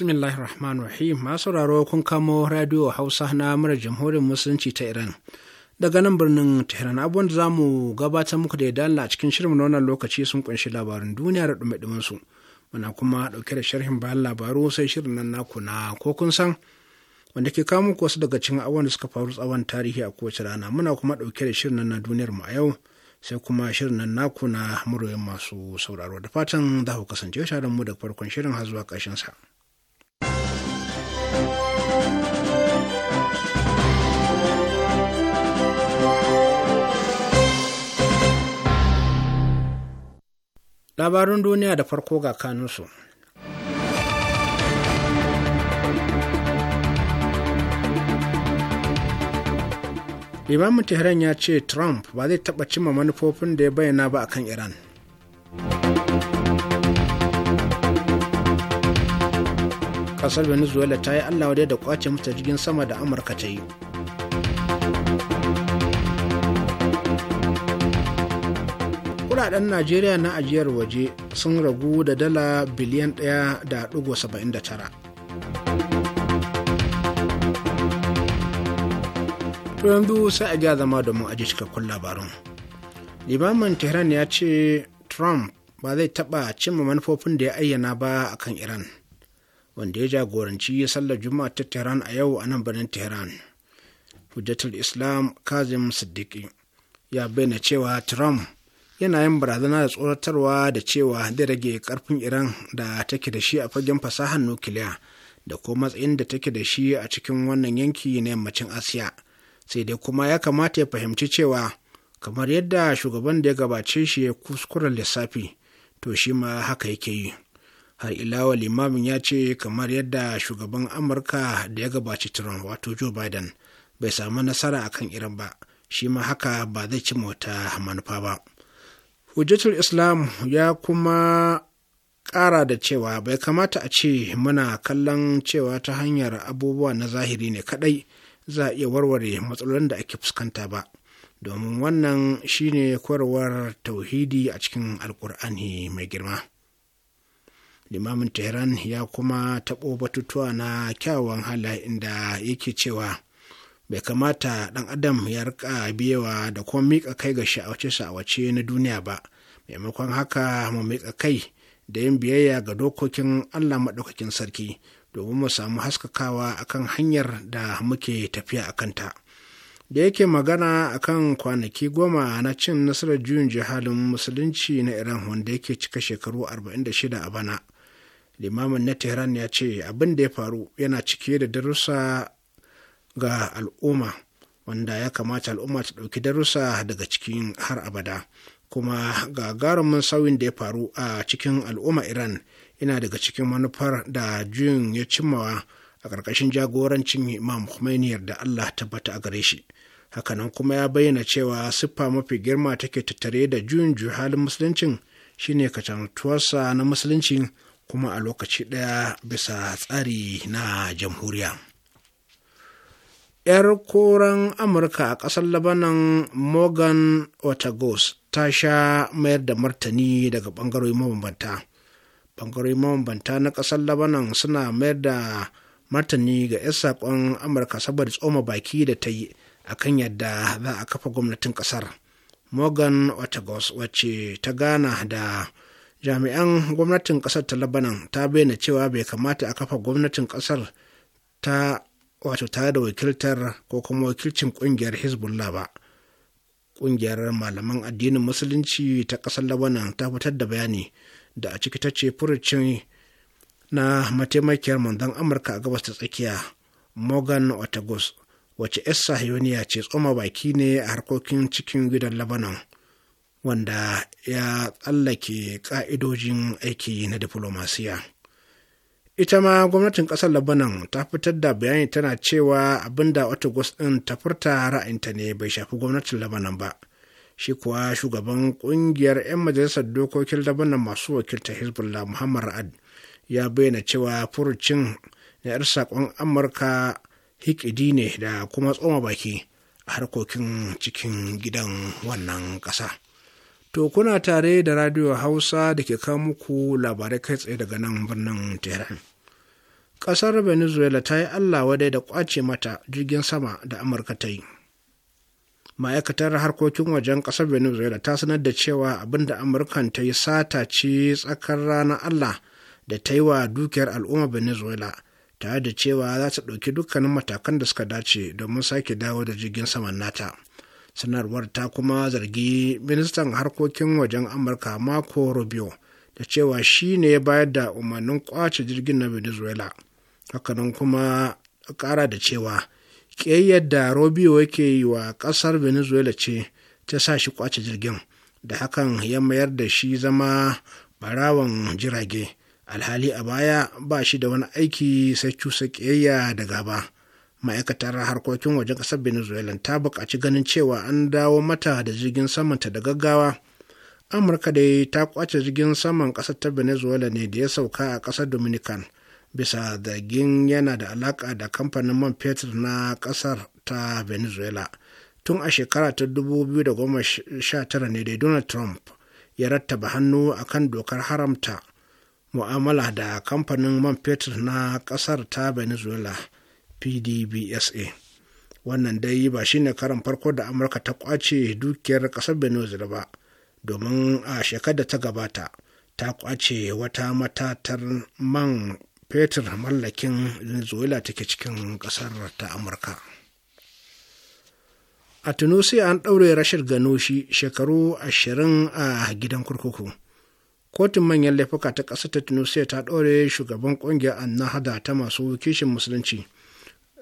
bismillahir rahman rahim masu sauraro kun kamo radio hausa na mura jamhuriyar musulunci ta iran daga nan birnin tehran abubuwan da za mu gabatar muku da ya dala a cikin shirin na wannan lokaci sun kunshi labarin duniya da dume su muna kuma ɗauke da sharhin bayan labaru sai shirin nan naku na ko kun san wanda ke kawo muku wasu daga cikin abubuwan da suka faru tsawon tarihi a kowace rana muna kuma ɗauke da shirin nan na duniyar mu a yau sai kuma shirin nan naku na muryoyin masu sauraro da fatan za ku kasance tare mu da farkon shirin har zuwa ƙarshen sa. labarun duniya da farko ga kanunsu limamin tehran ya ce trump ba zai taɓa cimma manufofin da ya bayyana ba akan iran ƙasar venezuela ta yi allah da kwace mata jigin sama da amurka ta yi kudaden najeriya na ajiyar waje sun ragu da dala biliyan 1.79 to yanzu sai a gya zama domin aji cikakkun labarun limamin tehran ya ce trump ba zai taɓa cimma manufofin da ya ayyana ba a kan iran wanda ya jagoranci sallar juma'a ta tehran a yau a nan birnin tehran hujjatul islam kazim Siddiqui ya bayyana cewa trump yana yin barazana da tsoratarwa da cewa zai rage karfin iran da take da shi a fagen fasahar nukiliya da kuma matsayin da take da shi a cikin wannan yanki na yammacin asiya sai dai kuma ya kamata ya fahimci cewa kamar yadda shugaban da ya gabace shi ya kuskuren lissafi to shi ma haka yake yi har ilawa limamin ya ce kamar yadda shugaban amurka da ya gabaci trump wato joe biden bai samu nasara akan iran ba shi ma haka ba zai ci mota manufa ba hujjatul islam ya kuma ƙara da cewa bai kamata a ce muna kallon cewa ta hanyar abubuwa na zahiri ne kaɗai za a iya warware matsalolin da ake fuskanta ba domin wannan shine koyarwar tauhidi a cikin alkur'ani mai girma limamin tehran ya kuma taɓo batutuwa na kyawawan halayen inda yake cewa bai kamata ɗan adam ya rika biyewa da kuma miƙa kai ga sha'awace-sha'awace na duniya ba maimakon haka mu mika kai da yin biyayya ga dokokin allah maɗaukakin sarki domin mu samu haskakawa akan hanyar da muke tafiya a kanta da yake magana akan kwanaki goma na cin nasarar juyin jihalin musulunci na iran wanda yake cika shekaru 46 a bana limamin na tehran ya ce abin da ya faru yana cike da darussa ga al'umma wanda ya kamata al'umma ta ɗauki darussa daga cikin har abada kuma ga gagarumin sauyin da ya faru a cikin al'umma iran ina daga cikin manufar da juyin ya cimmawa a ƙarƙashin jagorancin imam Khomeini da allah tabbata a gare shi hakanan kuma ya bayyana cewa siffa mafi girma take tattare da juyin juhalin halin musuluncin shine kacantuwarsa na musulunci kuma a lokaci ɗaya bisa tsari na jamhuriya. 'yar koren amurka a ƙasar labanan morgan otagos ta sha mayar da martani daga ɓangarori mabambanta ɓangarori mabambanta na ƙasar labanan suna mayar da martani ga 'yan saƙon amurka saboda tsoma baki da ta yi a kan yadda za a kafa gwamnatin ƙasar morgan otagos wacce ta gana da jami'an gwamnatin ƙasar ta labanan ta bayyana cewa bai kamata a kafa gwamnatin ƙasar ta wato ta da wakiltar ko kuma wakilcin ƙungiyar hezbollah ba ƙungiyar malaman addinin musulunci ta ƙasar labanan ta fitar da bayani da a ciki ta ce furucin na mataimakiyar manzan amurka a gabas ta tsakiya morgan otagos wace 'yar sahiyoniya ce tsoma baki ne a harkokin cikin gidan labanan wanda ya tsallake ƙa'idojin aiki na diflomasiya. ita ma gwamnatin ƙasar labanan ta fitar da bayani tana cewa abinda wata gwas ɗin ta furta ra'ayinta ne bai shafi gwamnatin labanan ba shi kuwa shugaban ƙungiyar 'yan majalisar dokokin labanan masu wakilta hezbollah muhammad ra'ad ya bayyana cewa furucin na 'yar saƙon amurka hikidi ne da kuma tsoma baki a harkokin cikin gidan wannan ƙasa to kuna tare da radio hausa da ke kawo muku labarai kai tsaye daga nan birnin tehran ƙasar venezuela ta yi allah wadai da ƙwace mata jirgin sama da amurka ta yi ma'aikatar harkokin wajen ƙasar venezuela ta sanar da cewa abin da amurkan ta yi sata ce tsakar ranar allah da ta yi wa dukiyar al'umma venezuela tare da cewa za ta ɗauki dukkanin matakan da suka dace domin sake dawo da jirgin saman nata sanarwar ta kuma zargi ministan harkokin wajen amurka marco rubio da cewa shi ne bayar da umarnin kwace jirgin na venezuela hakanan kuma ƙara da cewa ƙiyayyar da robio yake yi wa ƙasar venezuela ce ta sa shi kwace jirgin da hakan ya mayar da shi zama barawan jirage alhali a baya ba shi da wani aiki sai cusa ƙiyayya da gaba ma'aikatar harkokin wajen ƙasar venezuela ta buƙaci ganin cewa an dawo mata da jirgin samanta da gaggawa amurka dai ta kwace jirgin saman ƙasar ta venezuela ne da ya sauka a ƙasar dominican bisa zargin yana da alaka da kamfanin man fetur na kasar ta venezuela tun a shekara ta 2019 ne dai donald trump ya rattaba hannu a kan dokar haramta mu'amala da kamfanin man fetur na kasar ta venezuela pdbsa wannan dai ba shine karan farko da amurka ta kwace dukiyar kasar venezuela ba domin a shekarar da ta gabata ta kwace wata matatar man fetur mallakin venezuela take cikin ƙasar ta amurka a tunisia an ɗaure rashid ganoshi shekaru ashirin a gidan kurkuku kotun manyan laifuka ta ƙasa ta tunisia ta ɗaure shugaban ƙungiyar annahada ta masu kishin musulunci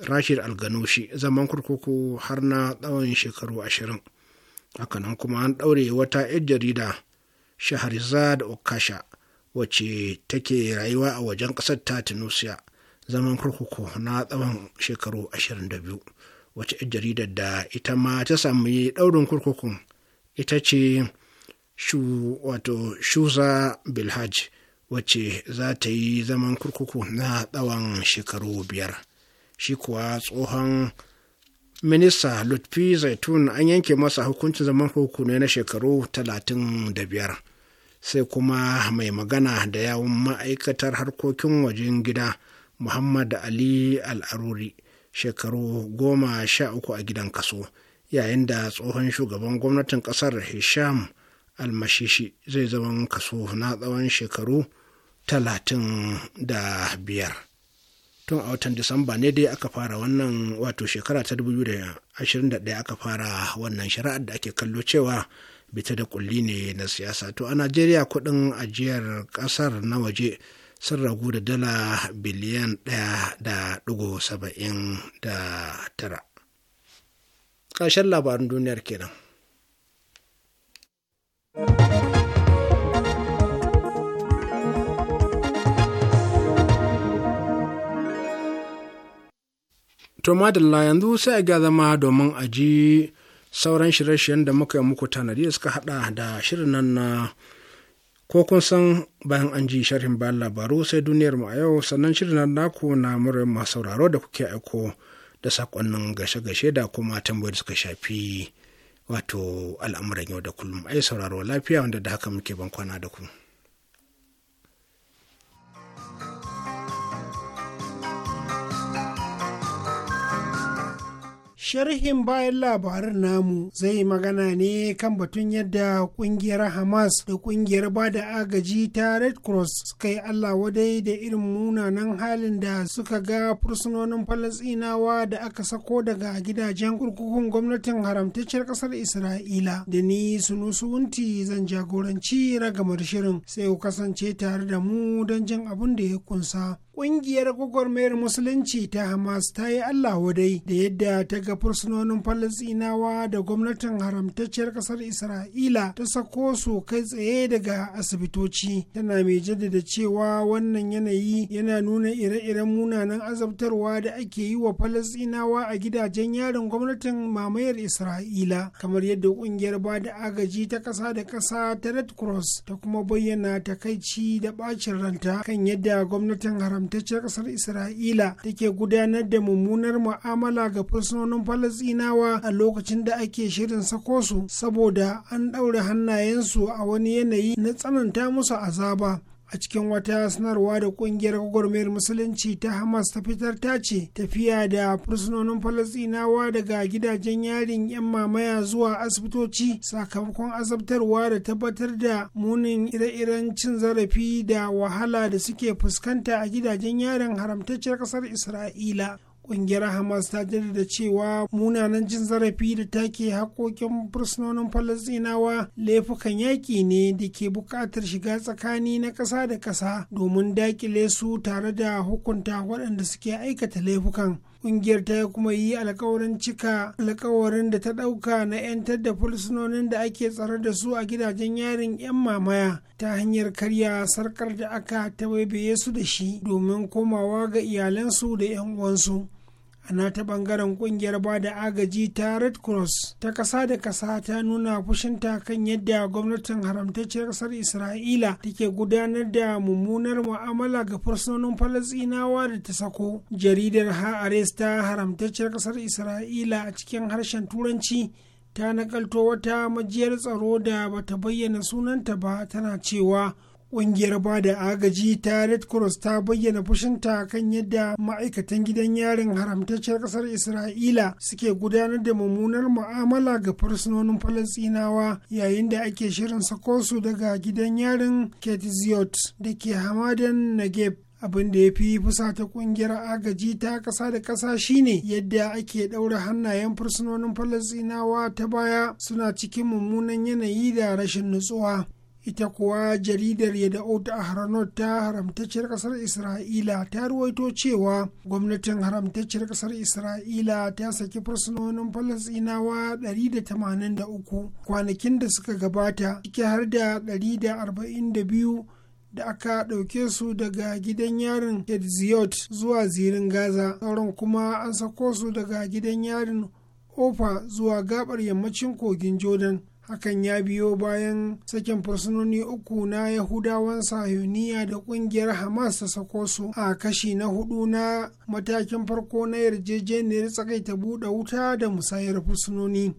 rashid alganoshi zaman kurkuku har na tsawon shekaru ashirin hakanan kuma an ɗaure wata 'yar jarida da okasha wacce take rayuwa a wajen ƙasar ta tunisia zaman kurkuku na tsawon shekaru 22 wacce jaridar da ita ma ta sami daurin kurkukun ita ce wato shuza bilhaj wacce za ta yi zaman kurkuku na tsawon shekaru biyar shi kuwa tsohon minista lutfi zaitun an yanke masa hukuncin zaman kurkuku ne na shekaru talatin da biyar sai kuma mai magana da yawun ma'aikatar harkokin wajen gida muhammad ali al'aruri shekaru goma sha uku a gidan kaso yayin da tsohon shugaban gwamnatin kasar hisham almashishi zai zama kaso na tsawon shekaru talatin da biyar tun a watan disamba ne dai aka fara wannan wato shekara ta 2021 aka fara wannan shari'ar da ake kallo cewa bita da kulli ne na siyasa to a najeriya kuɗin ajiyar ƙasar na waje sun ragu da dala biliyan ɗaya da ɗigo saba'in da tara ƙarshen labarin duniyar kenan. To madalla yanzu sai a ga zama domin aji sauran shirye-shiryen da muka yi muku tanadi da suka hada da shirin nan na ko kun san bayan an ji sharhin bayan labaru sai duniyar mu a yau sannan shirin nan naku na murin masu sauraro da kuke aiko da sakonnin gashe-gashe da kuma tambayar suka shafi wato al'amuran yau da kullum ai sauraro lafiya wanda da haka muke ban kwana da ku. Sharhin bayan labarin namu zai magana ne kan batun yadda kungiyar Hamas da kungiyar bada agaji ta Red Cross suka yi Allah wadai da irin munanan halin da suka ga fursunonin Falasinawa da aka sako daga gidajen kurkukun gwamnatin haramtacciyar ƙasar Isra'ila. Da ni Sunusu Wunti zan jagoranci ragamar shirin sai ku kasance tare da mu don jin abin da ya kunsa. Ƙungiyar gwagwarmayar Musulunci ta Hamas ta yi Allah wadai da yadda ta ga fursunonin Falasinawa da gwamnatin haramtacciyar ƙasar Isra'ila ta sako su kai tsaye daga asibitoci. Tana mai jaddada cewa wannan yanayi yana nuna ire-iren munanan azabtarwa da ake yi wa Falasinawa a gidajen yarin gwamnatin mamayar Isra'ila, kamar yadda ƙungiyar ba da agaji ta ƙasa da ƙasa ta Red Cross ta kuma bayyana takaici da ɓacin ranta kan yadda gwamnatin haramtacciyar haramtacciyar ƙasar isra'ila da ke gudanar da mummunar mu'amala ga fursunonin falasinawa a lokacin da ake shirin sako su saboda an ɗaure hannayensu a wani yanayi na tsananta musu azaba a cikin wata sanarwa da kungiyar gwagwarmayar musulunci ta hamas ta fitar ta ce tafiya da fursunonin falasinawa daga gidajen yarin yan mamaya zuwa asibitoci sakamakon azabtarwa da tabbatar da munin ire-iren cin zarafi da wahala da suke fuskanta a gidajen yarin haramtacciyar ƙasar isra'ila kungiyar hamas ta jaddada cewa munanan jin zarafi da take hakokin fursunonin falasinawa laifukan yaƙi ne da ke buƙatar shiga tsakani na ƙasa da ƙasa domin daƙile su tare da hukunta waɗanda suke aikata laifukan Ƙungiyar ta kuma yi alkawarin cika alkawarin da ta ɗauka na 'yantar da fursunonin da ake tsare da su a gidajen yarin 'yan mamaya ta hanyar karya sarkar da aka ta su da shi domin komawa ga iyalansu da 'yan uwansu. a ta bangaren kungiyar ba da agaji ta red cross ta kasa da kasa ta nuna fushinta kan yadda gwamnatin haramtacciyar kasar isra'ila take gudanar da mummunar mu'amala ga fursunonin falasinawa da ta sako jaridar ha'ares ta haramtacciyar kasar isra'ila a cikin harshen turanci ta nakalto wata majiyar tsaro da bata bayyana sunanta ba tana cewa Ƙungiyar ba da agaji ta Red Cross ta bayyana fushinta kan yadda ma'aikatan gidan yarin haramtacciyar ƙasar Isra'ila suke gudanar da mummunar mu'amala ga fursunonin Falasɗinawa yayin da ake shirin sako su daga gidan yarin Ketziot da ke hamadan nageb abin da ya fi fusata ƙungiyar agaji ta ƙasa da ƙasa shine yadda ake ɗaura hannayen fursunonin falasinawa ta baya suna cikin mummunan yanayi da rashin nutsuwa ita kuwa jaridar a Haranot ta haramtacciyar kasar isra'ila ta ruwaito cewa gwamnatin haramtacciyar kasar isra'ila ta saki fursunonin falasinawa 183 kwanakin da suka gabata ciki har da 142 da aka ɗauke su daga gidan yarin Hedziot zuwa zirin Gaza, sauran kuma an sako su daga gidan yarin Ofa zuwa gabar yammacin kogin Jordan. hakan ya biyo bayan sakin fursunoni uku na yahudawan sahuniya da kungiyar hamas ta sako su a kashi na hudu na matakin farko na yarjejeniyar tsakaita buɗe wuta da musayar fursunoni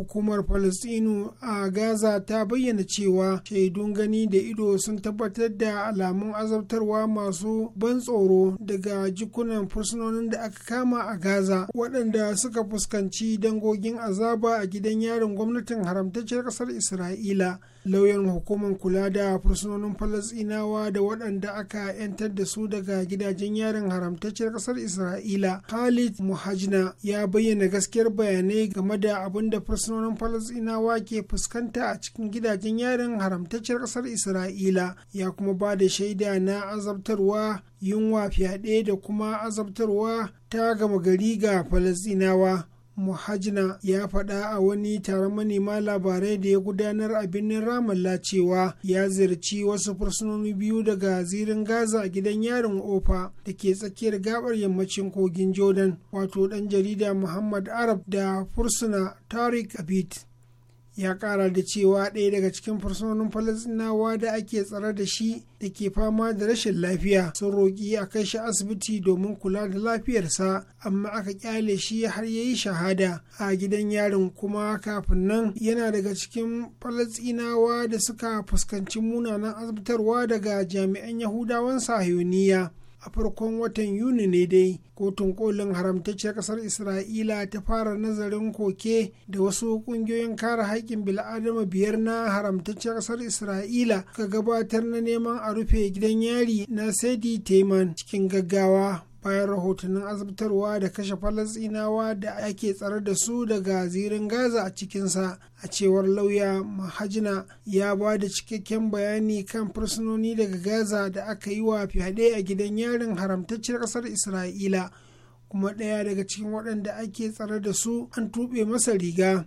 hukumar falasɗinu a gaza ta bayyana cewa shaidun gani da ido sun tabbatar da alamun azabtarwa masu ban tsoro daga jikunan fursunonin da aka kama a gaza waɗanda suka fuskanci dangogin azaba a gidan yarin gwamnatin haramtacciyar ƙasar isra'ila lauyan hukumar kula da fursunonin falasinawa da waɗanda aka 'yantar da su daga gidajen yarin haramtacciyar ƙasar isra'ila khalid muhajna ya bayyana gaskiyar bayanai game da abin da fursunonin falasinawa ke fuskanta a cikin gidajen yarin haramtacciyar ƙasar isra'ila ya kuma ba da shaida na azabtarwa yunwa fyaɗe da kuma azabtarwa ta gama gari ga falasinawa muhajna ya faɗa a wani taron manema labarai da ya gudanar a birnin ramallah cewa ya ziyarci wasu fursunoni biyu daga zirin gaza a gidan yarin ofa da ke tsakiyar gabar yammacin kogin jordan wato ɗan jarida muhammad arab da fursuna tariq abid ya kara da cewa ɗaya daga cikin fursunonin falasinawa da ake tsare da shi da ke fama da rashin lafiya sun roƙi a kai shi asibiti domin kula da lafiyarsa amma aka ƙyale shi har ya yi shahada a gidan yarin kuma kafin nan yana daga cikin falasinawa da suka fuskanci munanan azabtarwa daga jami'an yahudawan sahiyoniya a farkon watan yuni ne dai kotun kolin haramtacciyar kasar isra'ila ta fara nazarin koke da wasu kungiyoyin kare haƙƙin bil'adama biyar na haramtacce kasar isra'ila ka gabatar na neman a rufe gidan yari na sadi teman cikin gaggawa bayan rahotannin azabtarwa da kashe falasinawa da ake tsare da su daga zirin gaza a cikinsa a cewar lauya mahajina ya ba da cikakken bayani kan fursunoni daga gaza da aka yi wa fyaɗe a gidan yarin haramtacciyar ƙasar isra'ila kuma ɗaya daga cikin waɗanda ake tsare da su an tuɓe masa riga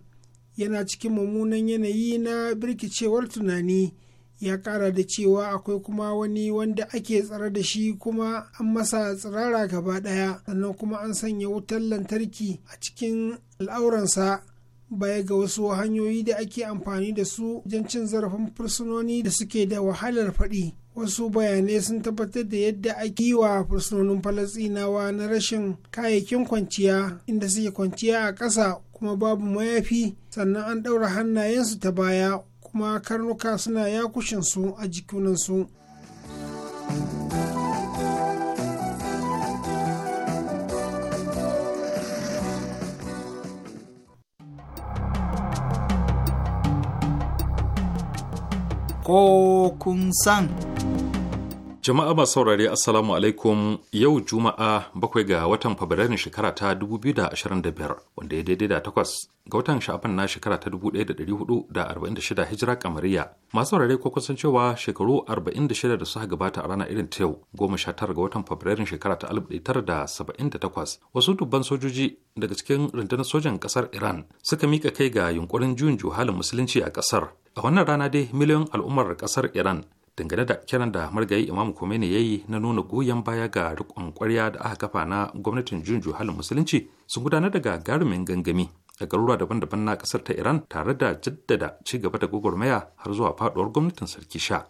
yana cikin mummunan yanayi na birkicewar tunani ya kara da cewa akwai kuma wani wanda ake tsare da shi kuma an masa tsirara gaba ɗaya sannan kuma an sanya wutar lantarki a cikin al'auransa baya ga wasu hanyoyi da ake amfani da su wajen cin zarafin fursunoni da suke da wahalar faɗi wasu bayanai sun tabbatar da yadda ake yi wa fursunonin falasinawa na rashin kayayyakin kwanciya inda suke kwanciya a ƙasa kuma babu mayafi sannan an ɗaura hannayensu ta baya kuma karnuka suna yakushinsu a jikunansu. Ko kun san. Jama'a masu saurare Assalamu alaikum yau Juma'a bakwai ga watan Fabrairun shekara ta 2025 wanda ya daidai da takwas ga watan sha'aban na shekara ta 1446 hijira kamariya. Masu saurare ko kusan cewa shekaru 46 da suka gabata a ranar irin ta yau goma sha tara ga watan Fabrairun shekara ta 1978 wasu dubban sojoji daga cikin rundunar sojan ƙasar Iran suka mika kai ga yunkurin juyin juhalin musulunci a ƙasar A wannan rana dai miliyon al'ummar kasar Iran dangane da kiran da margayi imam Khomeini ya yi na nuna goyon baya ga rikon kwarya da aka kafa na gwamnatin junju halin musulunci sun gudanar da gagarumin gangami a garuruwa daban-daban na kasar ta iran tare da jaddada ci gaba da gwagwarmaya har zuwa faduwar gwamnatin sarki sha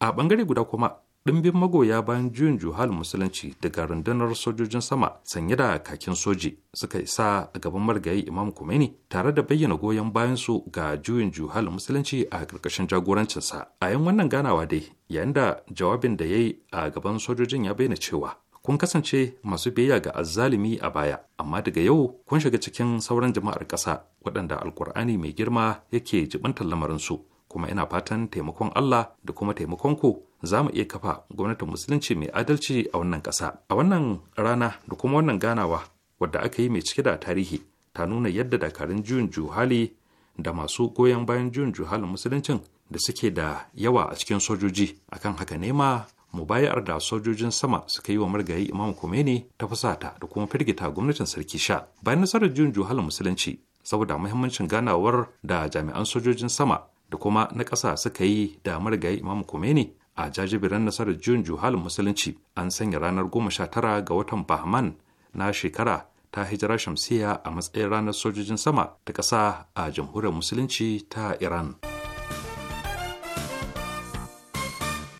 a bangare guda kuma ɗimbin magoya bayan juyin juhal musulunci daga rundunar sojojin sama sanye da kakin soji suka isa a gaban marigayi imam kumeni tare da bayyana goyon bayan su ga juyin juhal musulunci a ƙarƙashin jagorancinsa a yan wannan ganawa dai yayin da jawabin da ya yi a gaban sojojin ya bayyana cewa kun kasance masu biyayya ga azzalimi a baya amma daga yau kun shiga cikin sauran jama'ar ƙasa waɗanda alkur'ani mai girma yake lamarin lamarinsu kuma ina fatan taimakon Allah da kuma taimakon ku za mu iya kafa gwamnatin musulunci mai adalci a wannan ƙasa. A wannan rana da kuma wannan ganawa wadda aka yi mai cike da tarihi ta nuna yadda dakarun juyin juhali da masu goyon bayan juyin juhalin musuluncin da suke da yawa a cikin sojoji akan haka nema bayar da sojojin sama suka yi wa marigayi imam Khomeini ta fusata da kuma firgita gwamnatin sarki sha bayan nasarar juyin juhalin musulunci saboda muhimmancin ganawar da jami'an sojojin sama da kuma na ƙasa suka yi da marigayi Imam Khomeini a jajibiran nasarar juyin juhalin musulunci an sanya ranar goma sha tara ga watan Bahman na shekara ta hijira shamsiya a matsayin ranar sojojin sama ta ƙasa a jamhuriyar musulunci ta Iran.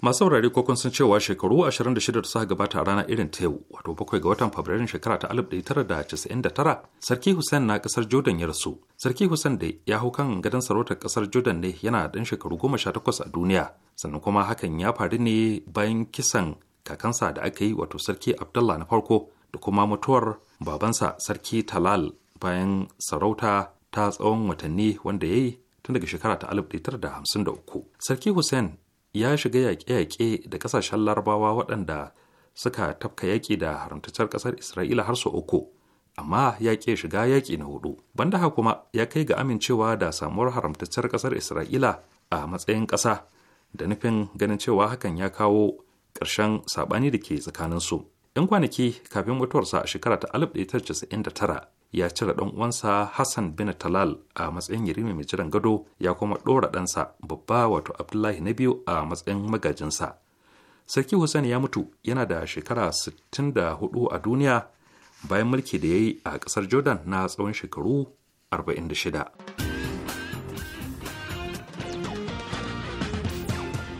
masu saurare ko kun san cewa shekaru 26 da suka gabata a rana irin ta yau wato bakwai ga watan fabrairun shekara ta 1999 sarki hussein na kasar jordan ya rasu sarki hussein da ya hau kan gadon sarautar kasar jordan ne yana dan shekaru 18 a duniya sannan kuma hakan ya faru ne bayan kisan kakansa da aka yi wato sarki abdullah na farko da kuma mutuwar babansa sarki talal bayan sarauta ta tsawon watanni wanda ya yi tun daga shekara ta 1953 sarki hussein ya shiga yaƙe-yaƙe da ƙasashen larabawa waɗanda suka tafka yaƙi da haramtaccen ƙasar isra'ila har su uku amma ya ƙi shiga yaƙi na hudu banda haka kuma ya kai ga amincewa da samuwar haramtaccen ƙasar isra'ila a matsayin ƙasa da nufin ganin cewa hakan ya kawo ƙarshen saɓani da ke tsakaninsu 'yan kwanaki kafin mutuwarsa a shekara ta tara. ya cire ɗan uwansa Hassan bin Talal a matsayin yarima mai jiran gado ya kuma ɗora ɗansa babba wato Abdullahi na biyu a matsayin magajinsa. Sarki Hussein ya mutu yana da shekara 64 a duniya bayan mulki da ya yi a ƙasar Jordan na tsawon shekaru 46.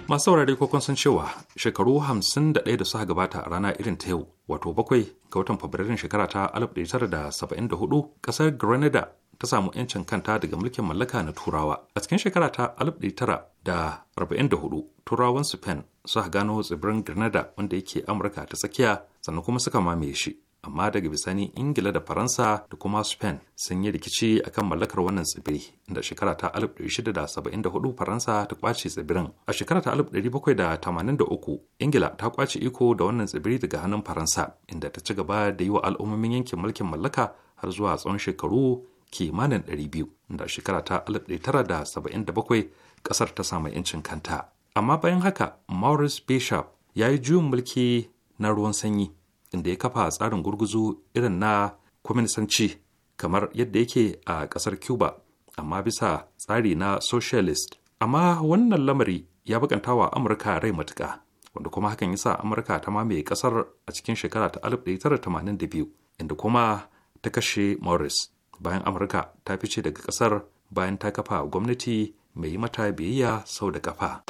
Masu saurare ko kun san cewa shekaru 51 da suka gabata a rana irin ta yau, wato bakwai ga watan Fabrairun shekara ta 1974, kasar Grenada ta samu 'yancin kanta daga mulkin mallaka na Turawa. A cikin shekara ta 1944, Turawan Spain suka gano tsibirin Grenada wanda yake Amurka ta tsakiya sannan kuma suka mamaye shi. amma daga bisani ingila da faransa da kuma spain sun yi rikici akan mallakar wannan tsibiri inda shekara ta 1674 faransa ta kwace tsibirin a shekara ta 1783 ingila ta kwace iko da wannan tsibiri daga hannun faransa inda ta ci gaba da yi wa al'ummomin yankin mulkin mallaka har zuwa tsawon shekaru kimanin 200 inda shekara ta 1977 kasar ta samu 'yancin kanta amma bayan haka maurice bishop ya yi juyin mulki na ruwan sanyi inda ya kafa tsarin gurguzu irin na kwaminisanci kamar yadda yake a ƙasar cuba amma bisa tsari na socialist amma wannan lamari ya bukanta wa amurka rai matuka wanda kuma hakan ya sa amurka ta mamaye ƙasar a cikin shekara ta 1982 inda kuma ta kashe morris bayan amurka ta fice daga ƙasar bayan ta kafa gwamnati mai mata biyayya sau da kafa.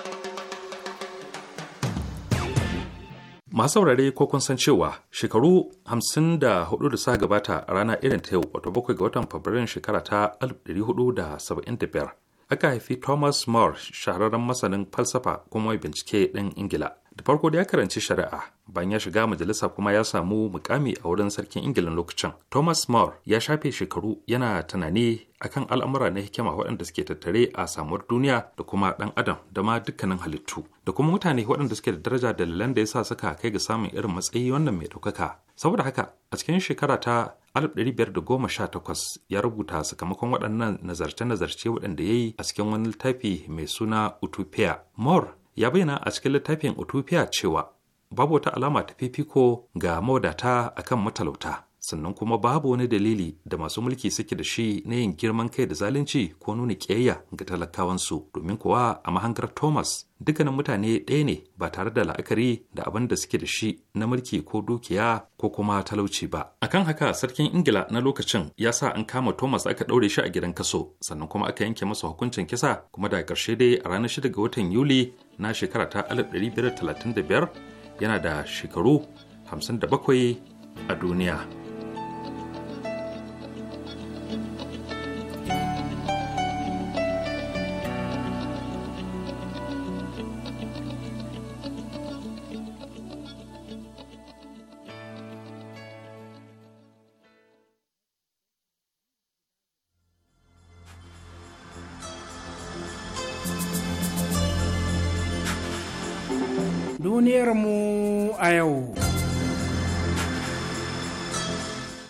Masu saurare ko kun san cewa shekaru 54 da suka gabata a rana irin ta yau wato bakwai ga watan Fabrairun shekara ta 1475 aka haifi Thomas More shahararren masanin falsafa kuma mai bincike ɗin Ingila. da farko da ya karanci shari'a bayan ya shiga majalisa kuma ya samu mukami a wurin sarkin ingila lokacin thomas more ya shafe shekaru yana tunani akan al'amura na hikima waɗanda suke tattare a samuwar duniya da kuma ɗan adam da ma dukkanin halittu da kuma mutane waɗanda suke da daraja dalilan da ya sa suka kai ga samun irin matsayi wannan mai ɗaukaka saboda haka a cikin shekara ta 1518 ya rubuta sakamakon waɗannan nazarce-nazarce waɗanda ya yi a cikin wani littafi mai suna utopia more ya bayyana a cikin littafin Utopia cewa babu wata alama ta fifiko ga mawadata a kan matalauta sannan kuma babu wani dalili da masu mulki suke da shi na yin girman kai da zalunci ko nuna ƙiyayya ga talakawansu domin kuwa a mahangar thomas dukkanin mutane ɗaya ne ba tare da la'akari da abin da suke da shi na mulki ko dukiya ko kuma talauci ba akan haka sarkin ingila na lokacin ya sa an kama thomas aka ɗaure shi a gidan kaso sannan kuma aka yanke masa hukuncin kisa kuma da ƙarshe dai a ranar 6 ga watan yuli na shekara ta 1535 yana da shekaru 57 a duniya.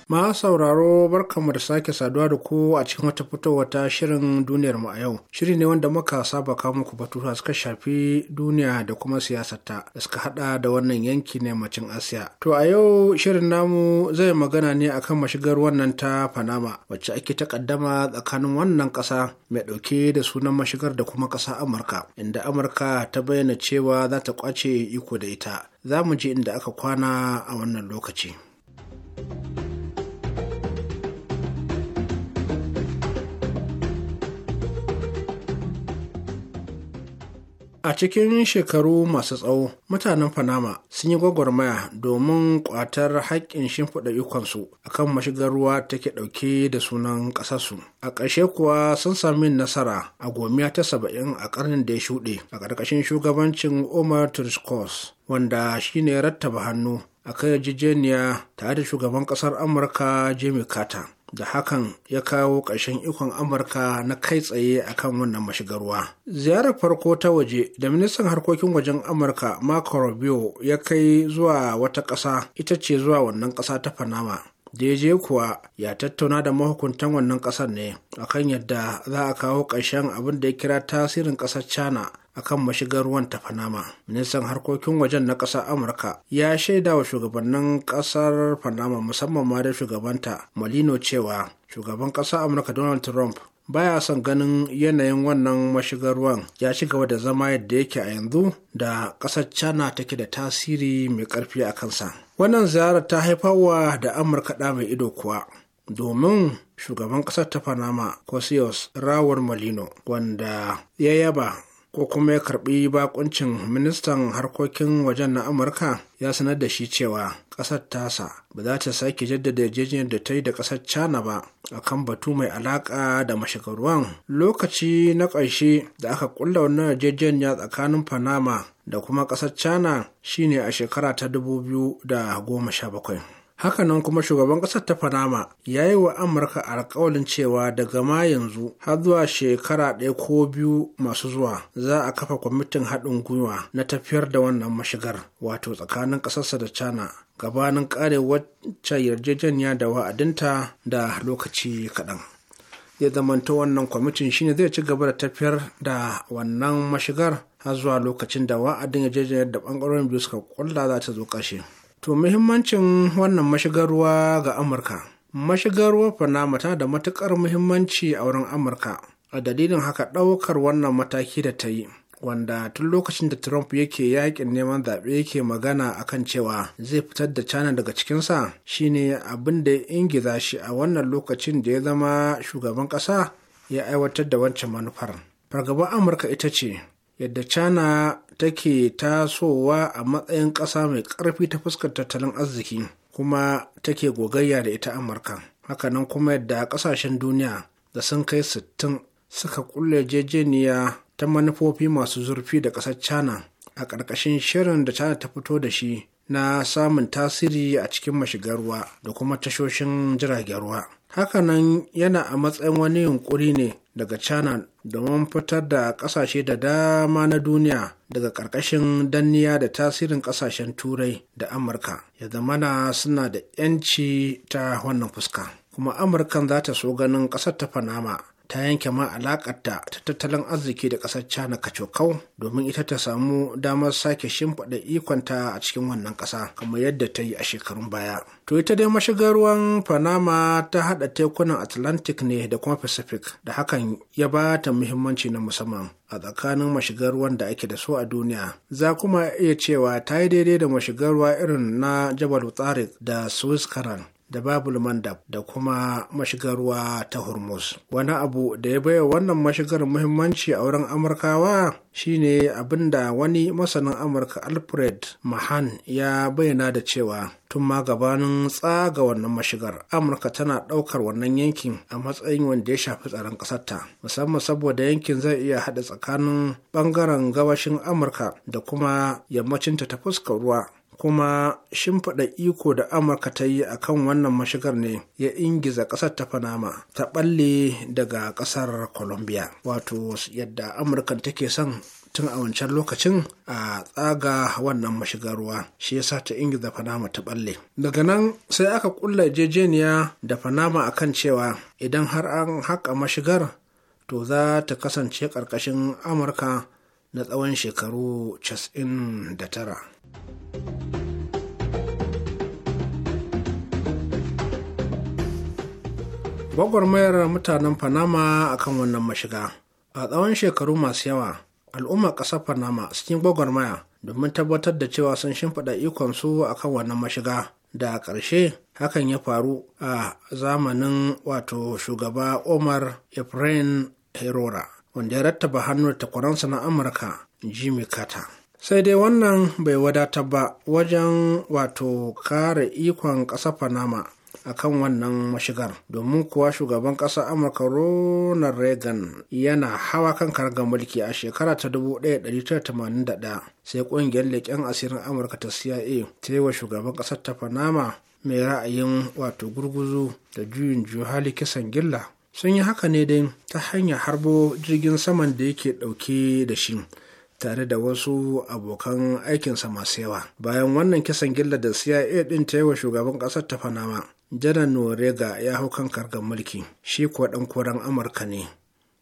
Ma sauraro barkanmu da sake saduwa da ku a cikin wata fitowa ta shirin duniyar mu a yau. Shiri ne wanda muka saba kawo muku batutuwa suka shafi duniya da kuma siyasarta ta da suka hada da wannan yanki ne macin Asiya. To a yau shirin namu zai magana ne akan mashigar wannan ta Panama wacce ake takaddama tsakanin wannan kasa mai dauke da sunan mashigar da kuma kasa Amurka inda Amurka ta bayyana cewa za ta kwace iko da ita. Za mu je inda aka kwana a wannan lokaci. A cikin shekaru masu tsawo, mutanen Panama sun yi gwagwarmaya domin kwatar haƙƙin shimfiɗa ikonsu a kan mashigar ruwa take ɗauke da sunan ƙasarsu. A ƙarshe kuwa sun sami nasara a gomiya ta saba'in a ƙarnin da ya shuɗe a ƙarƙashin shugabancin Omar Triscos, wanda shine rattaba hannu a kan yarjejeniya tare da shugaban ƙasar Amurka Jimmy Carter. da hakan ya kawo ƙarshen ikon amurka na kai tsaye a kan wannan mashigarwa ziyarar farko ta waje da ministan harkokin wajen amurka marco rubio ya kai zuwa wata ƙasa ita ce zuwa wannan ƙasa ta panama da ya je kuwa ya tattauna da mahukuntan wannan ƙasar ne akan yadda za a kawo ƙarshen abin da ya kira tasirin ƙasar china akan mashigar ruwan ta Panama. Ministan harkokin wajen na ƙasar Amurka ya shaida wa shugabannin ƙasar Panama musamman ma da shugabanta Molino cewa shugaban ƙasar Amurka Donald Trump baya son ganin yanayin wannan mashigar ruwan ya ci gaba da zama yadda yake a yanzu da ƙasar china take da tasiri mai ƙarfi a kansa wannan ziyarar ta haifawa da amurka ɗa mai ido kuwa domin shugaban ƙasar ta panama cosios rawar molino wanda ya yaba ko kuma ya karbi bakuncin ministan harkokin wajen na amurka ya sanar da shi cewa kasar tasa ba za ta sake jaddada yarjejeniyar da ta yi da kasar china ba a kan batu mai alaka da mashigarwan lokaci na ƙarshe da aka kulla wannan yarjejeniya tsakanin panama da kuma kasar china shine a shekara ta 2017 Hakanan kuma shugaban ƙasar ta Panama ya yi wa Amurka alkawalin cewa daga ma yanzu har zuwa shekara ɗaya ko biyu masu zuwa za a kafa kwamitin haɗin gwiwa na tafiyar da wannan mashigar wato tsakanin ƙasarsa da China gabanin ƙare wacce yarjejeniya da wa'adinta da lokaci kaɗan. ya zamanta wannan kwamitin shine zai ci gaba da tafiyar da wannan mashigar har zuwa lokacin da wa'adin yarjejeniyar da ɓangarorin biyu suka ƙulla za ta zo ƙarshe. To muhimmancin wannan mashigar ga Amurka. Mashigar ruwa Panama tana da matuƙar muhimmanci a wurin Amurka. A dalilin haka ɗaukar wannan mataki da ta yi. wanda tun lokacin da Trump yake yakin neman zaɓe yake magana a kan cewa zai fitar da China daga cikinsa shine abin da ya ingiza shi a wannan lokacin da ya zama shugaban ƙasa ya aiwatar da wancan manufar. Fargabar Amurka ita ce yadda china take tasowa a matsayin ƙasa mai ƙarfi ta fuskar tattalin arziki kuma take gogayya da ita amurka hakanan kuma yadda ƙasashen duniya da sun kai 60 suka kulle jejeniya ta manufofi masu zurfi da ƙasar china a ƙarƙashin shirin da china ta fito da shi na samun tasiri a cikin mashigar ruwa da kuma tashoshin jiragen ruwa hakanan yana a matsayin wani yunkuri ne daga china domin fitar da ƙasashe da dama na duniya daga ƙarƙashin danniya da tasirin ƙasashen turai da amurka ya na suna da 'yanci ta wannan fuska kuma amurkan za ta so ganin ƙasar ta panama ta yanke ma alakarta ta tattalin arziki da ƙasar china kacokau domin ita ta samu damar sake shimfiɗa ikonta a cikin wannan ƙasa kamar yadda ta yi a shekarun baya to ita dai mashigar ruwan panama ta haɗa tekunan atlantic ne da kuma pacific da hakan ya ba ta muhimmanci na musamman a tsakanin mashigar ruwan da ake da su a duniya za kuma iya cewa ta yi daidai da mashigar ruwa irin na jabal tsarik da swiss karan da babul mandab da kuma mashigar ruwa ta hormuz wani abu da ya baiwa wannan mashigar muhimmanci a wurin amurkawa shine abin da wani masanin amurka alfred mahan ya bayyana da cewa tun ma gabanin tsaga wannan mashigar amurka tana ɗaukar wannan yankin a matsayin wanda ya shafi tsaron ƙasarta musamman saboda yankin zai iya haɗa tsakanin ɓangaren gabashin amurka da kuma yammacinta ta fuskar ruwa kuma shimfiɗa iko da amurka ta yi a kan wannan mashigar ne ya ingiza ƙasar ta panama ta ɓalle daga ƙasar colombia wato yadda amurkan take son tun a wancan lokacin a tsaga wannan mashigarwa, shi ya sa ta ingiza panama ta ɓalle. daga nan sai aka ƙulla jejeniya da panama kan cewa idan har an haƙa mashigar to za ta kasance ƙarƙashin amurka na tsawon shekaru 99 gwagwarmayar mutanen panama akan wannan mashiga a tsawon shekaru masu yawa al'ummar ƙasar panama cikin gwagwarmaya domin tabbatar da cewa sun shimfiɗa ikonsu akan wannan mashiga da ƙarshe hakan ya faru a zamanin wato shugaba omar efrain herora wanda ya rattaba hannu takwaransa na amurka jimmy carter sai dai wannan bai wadata ba wajen wato kare ikon ƙasa panama a kan wannan mashigar domin kuwa shugaban ƙasa amurka ronald reagan yana hawa kan karga mulki a shekara ta 1981 sai ƙungiyar leƙen asirin amurka ta cia ta yi wa shugaban ƙasar ta panama mai ra'ayin wato gurguzu da juyin hali kisan gilla sun yi haka ne dai ta hanyar harbo jirgin saman da yake ɗauke da shi tare da wasu abokan aikinsa masu yawa bayan wannan kisan gilla da cia din ta yi wa shugaban ƙasar ta panama janar norega ya hau kan kargar mulki shi kuwa ɗan koren amurka ne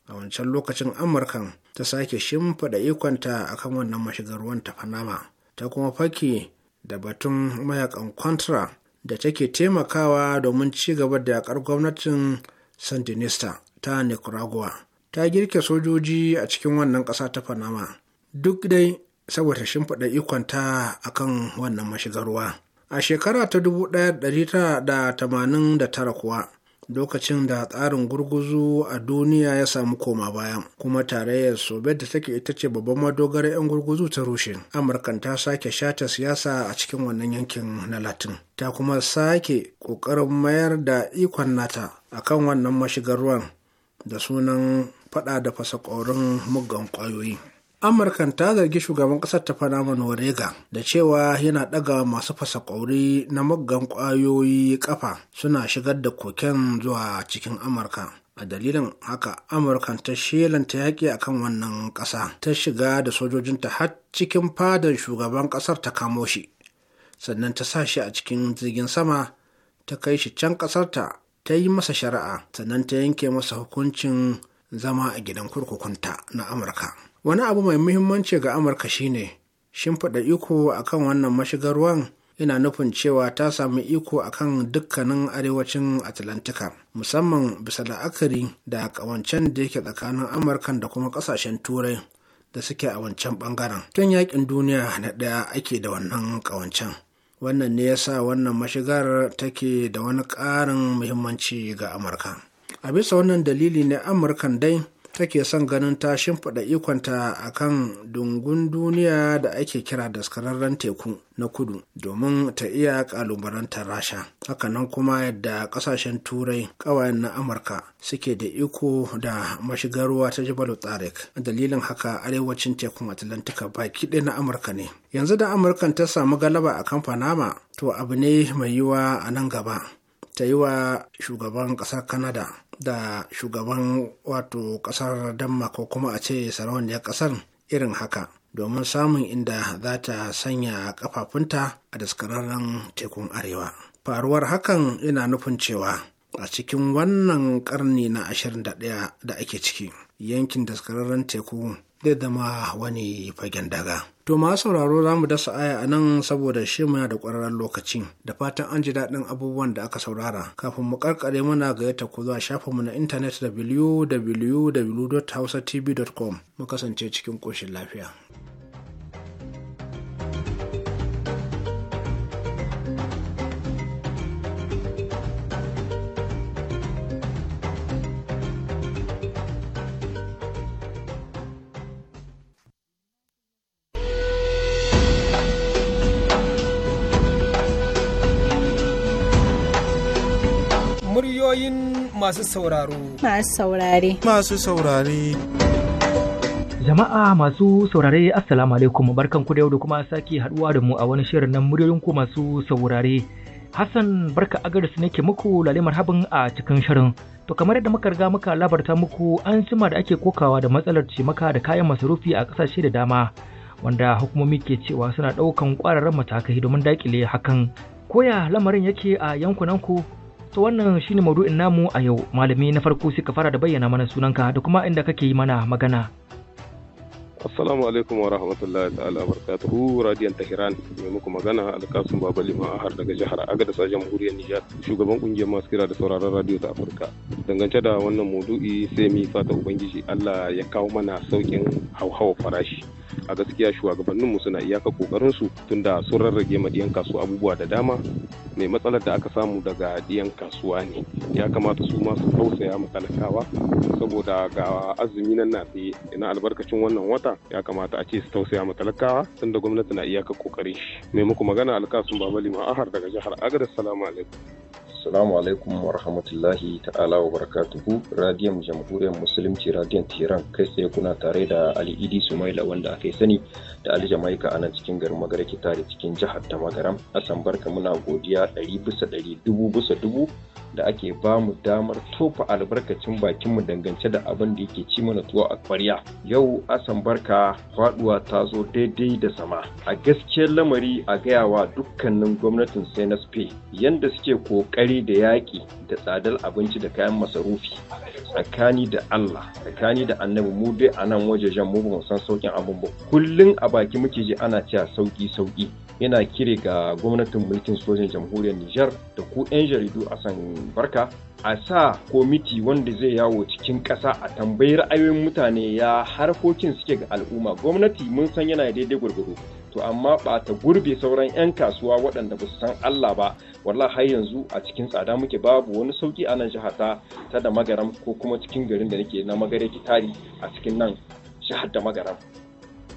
a wancan lokacin amurkan ta sake shimfiɗa ikonta akan wannan mashigar ruwan ta panama ta kuma Faki da batun mayakan contra da take taimakawa domin ci gaba da yakar gwamnatin sandinista ta nicaragua ta girke sojoji a cikin wannan ƙasa ta fanama. duk dai saboda shimfiɗa ikonta a kan wannan mashigarwa. A shekara ta dubu ɗaya da da ɗari tamanin tara kuwa, lokacin da tsarin gurguzu a duniya ya samu koma bayan kuma tarayyar Soviet da take ita ce babban madogarar 'yan gurguzu ta rushe. Amurkan ta sake shata siyasa a cikin wannan yankin na Latin. Ta kuma sake ƙoƙarin mayar da ikon nata a kan wannan mashigar da sunan faɗa da fasa ƙorin muggan ƙwayoyi. amurkan ta zargi shugaban ƙasar ta panama noriga da cewa yana ɗaga masu fasa ƙauri na muggan ƙwayoyi ƙafa suna shigar da koken zuwa cikin amurka a dalilin haka amurkan ta shelanta yaƙi a kan wannan ƙasa ta shiga da sojojinta har cikin fadar shugaban ƙasar ta kamo shi sannan ta sa shi a cikin jirgin sama ta kai shi can ƙasarta ta yi masa shari'a sannan ta yanke masa hukuncin zama a gidan kurkukunta na amurka wani abu mai muhimmanci ga amurka shine shimfiɗa iko akan wannan mashigar ruwan ina nufin cewa ta samu iko akan dukkanin arewacin atlantika musamman bisa la'akari da kawancen da yake tsakanin Amurka da kuma ƙasashen turai da suke a wancan bangaren tun yakin duniya na ɗaya ake da wannan kawancen wannan ne ya sa wannan mashigar take da wani ƙarin muhimmanci ga amurka a bisa wannan dalili ne amurkan dai take son ganin ta shimfiɗa ikonta a kan dungun duniya da ake kira daskararren teku na kudu domin ta iya ƙalubarantar rasha hakanan kuma yadda ƙasashen turai ƙawayen na amurka suke da iko da mashigar ruwa ta jibal tsarik dalilin haka arewacin tekun atlantika baki ɗaya na amurka ne yanzu da amurkan ta samu galaba a kan panama to abu ne mai yiwa a nan gaba ta yi wa shugaban ƙasar Kanada da shugaban wato ƙasar Danma ko kuma a ce sarauniyar ƙasar irin haka domin samun inda za ta sanya ƙafafunta a daskararren tekun arewa. Faruwar hakan yana nufin cewa a cikin wannan ƙarni na 21 da ake ciki yankin daskararren teku zai zama wani fagen daga. To ma sauraro za mu dasa aya a nan saboda shi muna da ƙwararren lokaci da fatan an ji daɗin abubuwan da aka saurara. Kafin mu karkare muna gayyata ku zuwa mu na intanet www.hausatv.com mu kasance cikin koshin lafiya. masu sauraro. Masu saurare. Masu saurare. Jama'a masu saurare Assalamu alaikum barkan ku da yau da kuma sake haduwa da mu a wani shirin nan muryoyin ku masu saurare. Hassan barka ne nake muku lalle marhaban a cikin shirin. To kamar yadda muka riga muka labarta muku an jima da ake kokawa da matsalar cimaka da kayan masarufi a kasashe da dama wanda hukumomi ke cewa suna ɗaukan ƙwararren matakai domin daƙile hakan. Koya lamarin yake a yankunan ku To wannan shine maudu'in namu a yau malami na farko suka fara da bayyana mana sunanka da kuma inda kake yi mana magana. Assalamu alaikum wa rahmatullahi ta'ala wa barakatuhu Radiyan Tahiran mai muku magana Alkasun Baba Liman har daga jihar Agadas sajen jamhuriyar Nijar shugaban kungiyar masu kira da sauraron radio ta Afirka dangance da wannan maudu'i sai mu fata ubangiji Allah ya kawo mana saukin hauhawar farashi a gaskiya shugabanninmu suna iyaka kokarin su tunda sun rarrage ma ɗiyan kasuwa abubuwa da dama mai matsalar da aka samu daga ɗiyan kasuwa ne ya kamata su ma su tausaya ma talakawa saboda ga azumi nan na tsaye na albarkacin wannan wata ya kamata a ce su tausaya ma talakawa tunda gwamnati na iyaka kokarin shi mai muku magana alkasun babali ma'ahar daga jihar agadar salamu alaikum Assalamu alaikum wa rahmatullahi ta'ala wa barakatuhu. Radiyon Jamhuriyar Musulunci Radiyon Tehran kai tsaye kuna tare da Ali Idi Sumaila wanda aka sani da Ali Jamaika a nan cikin garin Magaraki tare cikin jihar ta Magaram. Asan barka muna godiya ɗari bisa ɗari dubu bisa dubu da ake ba mu damar tofa albarkacin bakinmu dangance da abin da yake ci mana tuwo a kwarya. Yau asan barka faduwa ta zo daidai da sama. A gaskiyar lamari a gayawa dukkanin gwamnatin Senate yanda suke kokari fari da yaƙi da tsadar abinci da kayan masarufi tsakani da Allah tsakani da annabi mu dai a nan wajejen mu ba san saukin abin ba kullum a baki muke ji ana cewa sauki sauki yana kire ga gwamnatin mulkin sojin jamhuriyar Nijar da ku 'yan jaridu a san barka a sa komiti wanda zai yawo cikin ƙasa a tambayi ra'ayoyin mutane ya harkokin suke ga al'umma gwamnati mun san yana daidai gwargwado to amma ba ta gurbe sauran 'yan kasuwa waɗanda ba su san Allah ba wallah har yanzu a cikin tsada muke babu wani sauki a nan jihar ta ta da magaram ko kuma cikin garin da nake na magare kitari a cikin nan jihar da magaram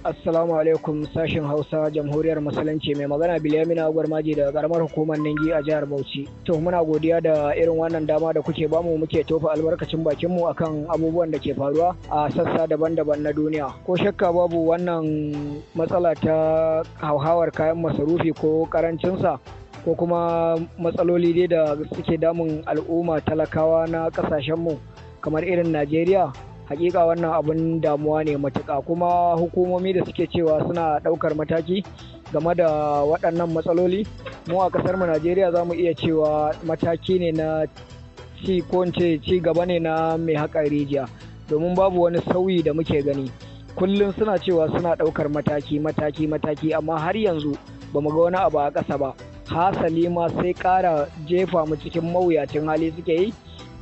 Assalamu alaikum sashen Hausa Jamhuriyar Musulunci mai magana Bilyamina Gwarmaji daga karamar hukumar Ningi a jihar Bauchi. To muna godiya da irin wannan dama da kuke bamu muke tofa albarkacin bakin mu akan abubuwan da ke faruwa a sassa daban-daban na duniya. Ko shakka babu wannan matsala ta hauhawar kayan masarufi ko karancinsa ko kuma matsaloli dai da suke damun al'umma talakawa na mu kamar irin Najeriya hakika wannan abun damuwa ne matuka kuma hukumomi da suke cewa suna ɗaukar mataki game da waɗannan matsaloli mu a ƙasar mu najeriya za mu iya cewa mataki ne na ci ko ci gaba ne na mai haƙa rijiya domin babu wani sauyi da muke gani kullum suna cewa suna ɗaukar mataki mataki mataki amma har yanzu ba mu ga wani abu a ƙasa ba hasali ma sai ƙara jefa mu cikin mawuyacin hali suke yi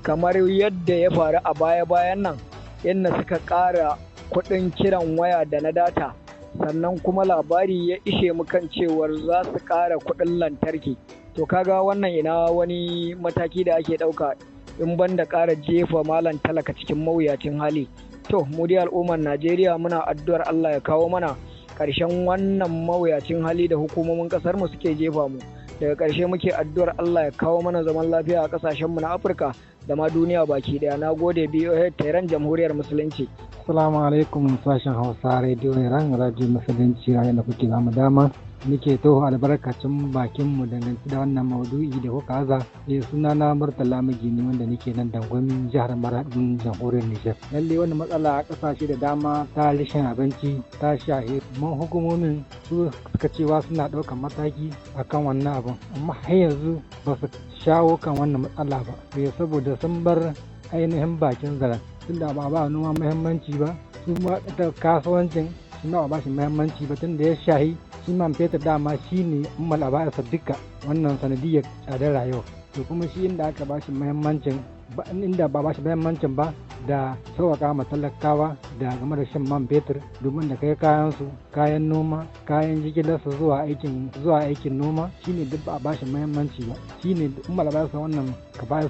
kamar yadda ya faru a baya-bayan nan inda suka ƙara kuɗin kiran waya da na data sannan kuma labari ya ishe mu kan cewar za su ƙara kuɗin lantarki to kaga wannan ina wani mataki da ake ɗauka in ban da ƙara jefa malam talaka cikin mawuyacin hali to mu dai al'ummar najeriya muna addu'ar allah ya kawo mana ƙarshen wannan mawuyacin hali da hukumomin ƙasar mu suke jefa mu daga ƙarshe muke addu'ar Allah ya kawo mana zaman lafiya a ƙasashenmu na Afirka da ma duniya baki ɗaya na gode BOA Tehran Jamhuriyar Musulunci. Assalamu alaikum sashen Hausa Radio Iran Radio Musulunci na da kuke namu dama nike to albarkacin bakinmu mu da wannan maudu'i da kuka haza eh, suna na Murtala Magini wanda nake nan dangwamin jihar Maradin jamhuriyar Nijar lalle wani matsala a kasashe da dama ta rashin abinci ta shahe mun hukumomin su suka cewa suna ɗaukar mataki akan wannan abin amma har yanzu ba su shawo kan wannan matsala ba eh, saboda sun bar ainihin bakin zaren tunda ba ba noma muhimmanci ba su ma kasuwancin suna ba shi muhimmanci ba tunda ya shahi siman Peter dama shi ne ummal a duka wannan sanadiyar tsadar rayuwa to kuma shi inda aka bashi muhimmancin inda ba bashi mahimmancin ba da sauwaka ma talakawa da game da shan man fetur domin da kai kayan su kayan noma kayan jigilarsa zuwa aikin zuwa aikin noma shine duk ba bashi mahimmanci ba shine in sa wannan